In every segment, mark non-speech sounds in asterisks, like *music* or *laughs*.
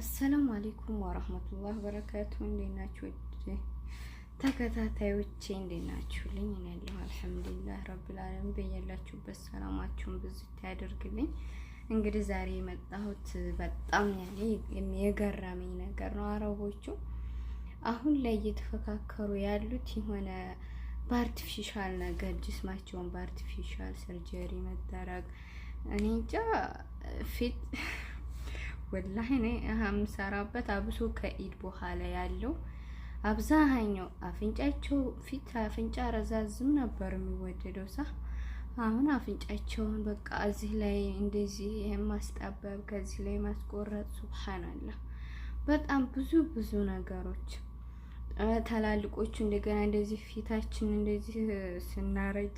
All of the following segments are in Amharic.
አሰላሙ አሌይኩም ወረህመቱላህ በረካቱ። እንዴት ናችሁ ተከታታዮቼ? እንዴት ናችሁልኝ? እኔ ያለሁ አልሐምዱሊላህ ረብል በያላችሁበት ሰላማችሁን ብዙ ያደርግልኝ። እንግዲህ ዛሬ የመጣሁት በጣም ያኔ የገረመኝ ነገር ነው። አረቦቹ አሁን ላይ እየተፈካከሩ ያሉት የሆነ በአርቲፊሻል ነገር ጅስማቸውን በአርቲፊሻል ሰርጀሪ መደረግ እኔ እንጃ ፊት ወላሂ እኔ የምሰራበት አብሶ ከኢድ በኋላ ያለው አብዛኛው አፍንጫቸው ፊት አፍንጫ ረዛዝም ነበር የሚወደደው ሳ አሁን አፍንጫቸውን በቃ እዚህ ላይ እንደዚህ ማስጠበብ ከዚህ ላይ ማስቆረጥ ሱብሃንአላህ በጣም ብዙ ብዙ ነገሮች ታላልቆቹ እንደገና እንደዚህ ፊታችን እንደዚህ ስናረጭ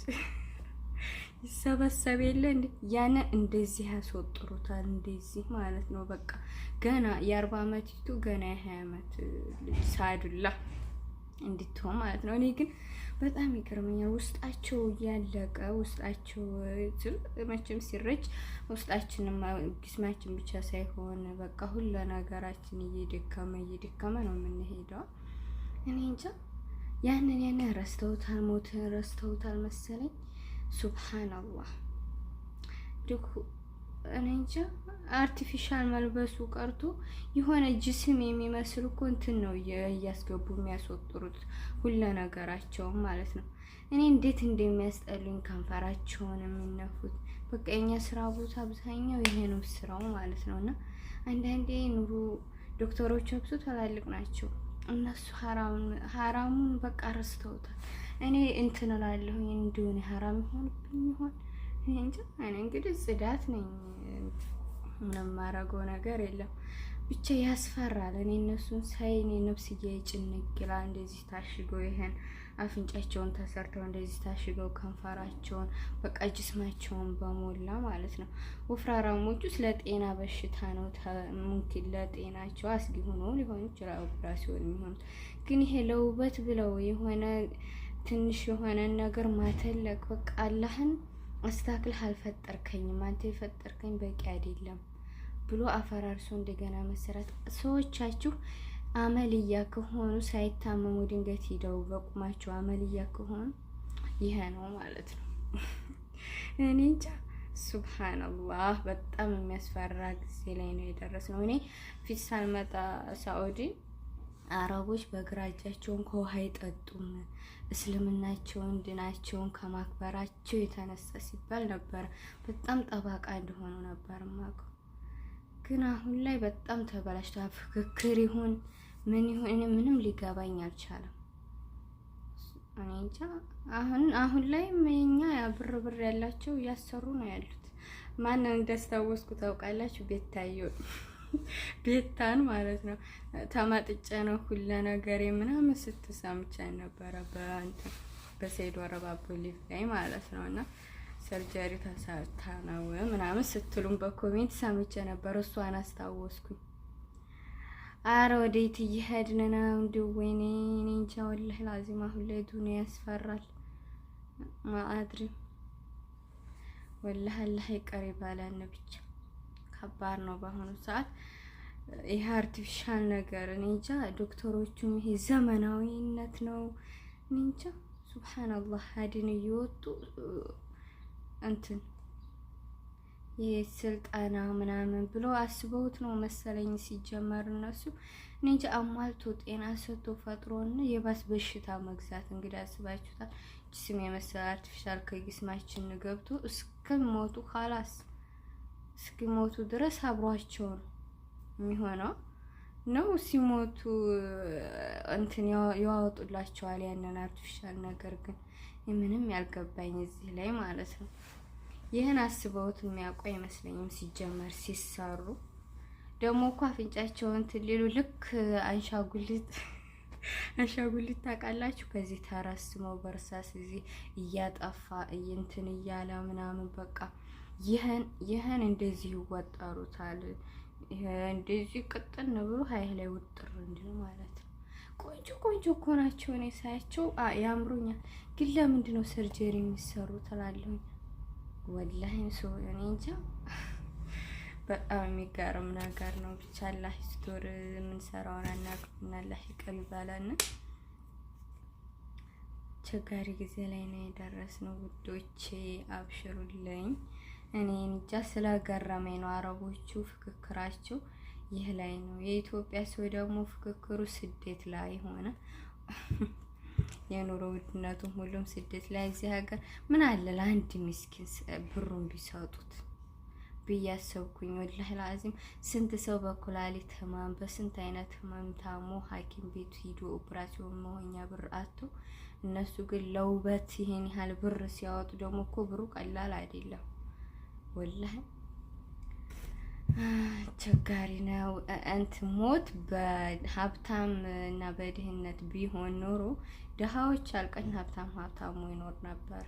ይሰበሰብ የለ ያነ እንደዚህ ያስወጥሩታል። እንደዚህ ማለት ነው። በቃ ገና የአርባ አመቲቱ ገና የሀያ አመት ልጅ ሳዱላ እንድትሆን ማለት ነው። እኔ ግን በጣም ይገርመኛል። ውስጣቸው እያለቀ ውስጣቸው መቼም ሲረጭ ውስጣችንም ጊስማችን ብቻ ሳይሆን በቃ ሁሉ ነገራችን እየደከመ እየደከመ ነው የምንሄደው። እኔ እንጃ ያንን ያንን ረስተውታል፣ ሞትን ረስተውታል መሰለኝ። ሱብሃናላህ እኔ እንጃ አርቲፊሻል መልበሱ ቀርቶ የሆነ ጅስም የሚመስል እኮ እንትን ነው እያስገቡ የሚያስወጥሩት ሁለ ነገራቸውን ማለት ነው። እኔ እንዴት እንደሚያስጠሉኝ ከንፈራቸውን የሚነፉት በቃ የኛ ስራ ቦታ አብዛኛው ይሄ ነው ስራው ማለት ነው። እና አንዳንዴ ኑሮ ዶክተሮች ወቅቱ ተላልቅ ናቸው እነሱ ሀራሙን በቃ ረስተውታል። እኔ እንትን እላለሁኝ እንዲሆን ሀራም ይሆንብኝ ይሆን እንጂ እኔ እንግዲህ ጽዳት ነኝ፣ ምንም ማረገው ነገር የለም። ብቻ ያስፈራል። እኔ እነሱን ሳይ እኔ ነፍስ ጭንቅ ይላል። እንደዚህ ታሽገው ይሄን አፍንጫቸውን ተሰርተው እንደዚህ ታሽገው ከንፈራቸውን በቃ ጅስማቸውን በሞላ ማለት ነው። ወፍራራሞቹ ለጤና በሽታ ነው ሙምኪን ለጤናቸው አስጊ ሆኖ ሊሆን ይችላል ኦፕራሲዮን የሚሆኑት ግን ይሄ ለውበት ብለው የሆነ ትንሽ የሆነን ነገር ማተለቅ በቃ አላህን አስታክል አልፈጠርከኝም፣ አንተ የፈጠርከኝ በቂ አይደለም ብሎ አፈራርሶ እንደገና መሰራት። ሰዎቻችሁ አመልያ ከሆኑ ሳይታመሙ ድንገት ሂደው በቁማቸው አመልያ ከሆኑ ይሄ ነው ማለት ነው። *laughs* እኔ እንጃ ሱብሃንአላህ፣ በጣም የሚያስፈራ ጊዜ ላይ ነው የደረስነው። እኔ ፊት ሳልመጣ ሳኡዲ አረቦች በግራ እጃቸውን ከውሃ አይጠጡም እስልምናቸውን ድናቸውን ከማክበራቸው የተነሳ ሲባል ነበር። በጣም ጠባቃ እንደሆኑ ነበር ማቀው። ግን አሁን ላይ በጣም ተበላሽቷል። ፍክክር ይሁን ምን ይሁን እኔ ምንም ሊገባኝ አልቻለም። እኔ እንጃ። አሁን አሁን ላይ እኛ ብር ብር ያላቸው እያሰሩ ነው ያሉት። ማንን እንዳስታወስኩ ታውቃላችሁ? ቤታየሁ ቤታን ማለት ነው። ተመጥጨ ነው ሁለ ነገሬ ምናምን ስትሰምቻ ነበረ በእንትን በሰይድ ወረባቦ ሊፍ ላይ ማለት ነው እና ሰርጀሪ ተሰርታ ነው ምናምን ስትሉም በኮሜንት ሰምቼ ነበር። እሷን አስታወስኩኝ። አረ ወዴት እየሄድን ነው? እንዲሁ ወይኔ እኔ እንጃ ወላሂ ላዚም አሁን ላይ ዱኒያ ያስፈራል። ማአድሪ ወላሂ አላህ ይቀር ይባላል ብቻ ከባድ ነው በአሁኑ ሰዓት ይሄ አርቲፊሻል ነገር እኔ እንጃ። ዶክተሮቹም ይሄ ዘመናዊነት ነው እኔ እንጃ። ሱብሃንአላህ አድን እየወጡ እንትን ይሄ ስልጠና ምናምን ብሎ አስበውት ነው መሰለኝ ሲጀመር እነሱ እንጂ እንጃ። አሟልቶ ጤና ሰጥቶ ፈጥሮና የባስ በሽታ መግዛት እንግዲህ አስባችሁታል። ጅስም የመሰለ አርቲፊሻል ከጅስማችን ገብቶ እስከሚሞቱ ኻላስ እስኪሞቱ ድረስ አብሯቸው ነው የሚሆነው ነው ሲሞቱ እንትን ያወጡላቸዋል ያንን አርቲፊሻል ነገር ግን ምንም ያልገባኝ እዚህ ላይ ማለት ነው ይህን አስበውት የሚያውቁ አይመስለኝም ሲጀመር ሲሰሩ ደግሞ እኮ አፍንጫቸውን ሊሉ ልክ አንሻጉሊት *laughs* አንሻጉሊት ታውቃላችሁ ከዚህ ተረስመው በእርሳስ እዚህ እያጠፋ እንትን እያለ ምናምን በቃ ይህን እንደዚህ ይወጠሩታል። እንደዚህ ቅጥን ብሎ ሀይ ላይ ውጥር እንዲሉ ማለት ነው። ቆንጆ ቆንጆ እኮ ናቸው። እኔ ሳያቸው ያምሩኛል። ግን ለምንድን ነው ሰርጀሪ የሚሰሩ ትላለሁ። ወላሂ ሰው እኔ እንጃ። በጣም የሚጋርም ነገር ነው። ብቻ አላህ ስቶር የምንሰራውን አናውቅም። አላህ ይቅር ይባላል። አስቸጋሪ ጊዜ ላይ ነው የደረስነው ውዶቼ፣ አብሽሩልኝ። እኔ እንጃ ስለገረመኝ ነው። አረቦቹ ፍክክራቸው ይህ ላይ ነው። የኢትዮጵያ ሰው ደግሞ ፍክክሩ ስደት ላይ ሆነ የኑሮ ውድነቱ ሁሉም ስደት ላይ። እዚህ ሀገር ምን አለ ለአንድ ምስኪን ብሩን ቢሰጡት ብያሰብኩኝ። ወላህ ላዚም ስንት ሰው በኩላሊት ህመም፣ በስንት አይነት ህመም ታሞ ሐኪም ቤት ሂዶ ኦፕራሲዮን መሆኛ ብር አቶ እነሱ ግን ለውበት ይሄን ያህል ብር ሲያወጡ ደግሞ እኮ ብሩ ቀላል አይደለም። ወላሂ አስቸጋሪ ነው። እንት ሞት በሀብታም እና በድህነት ቢሆን ኖሮ ድሃዎች አልቀኝ ሀብታም ሀብታሙ ይኖር ነበር።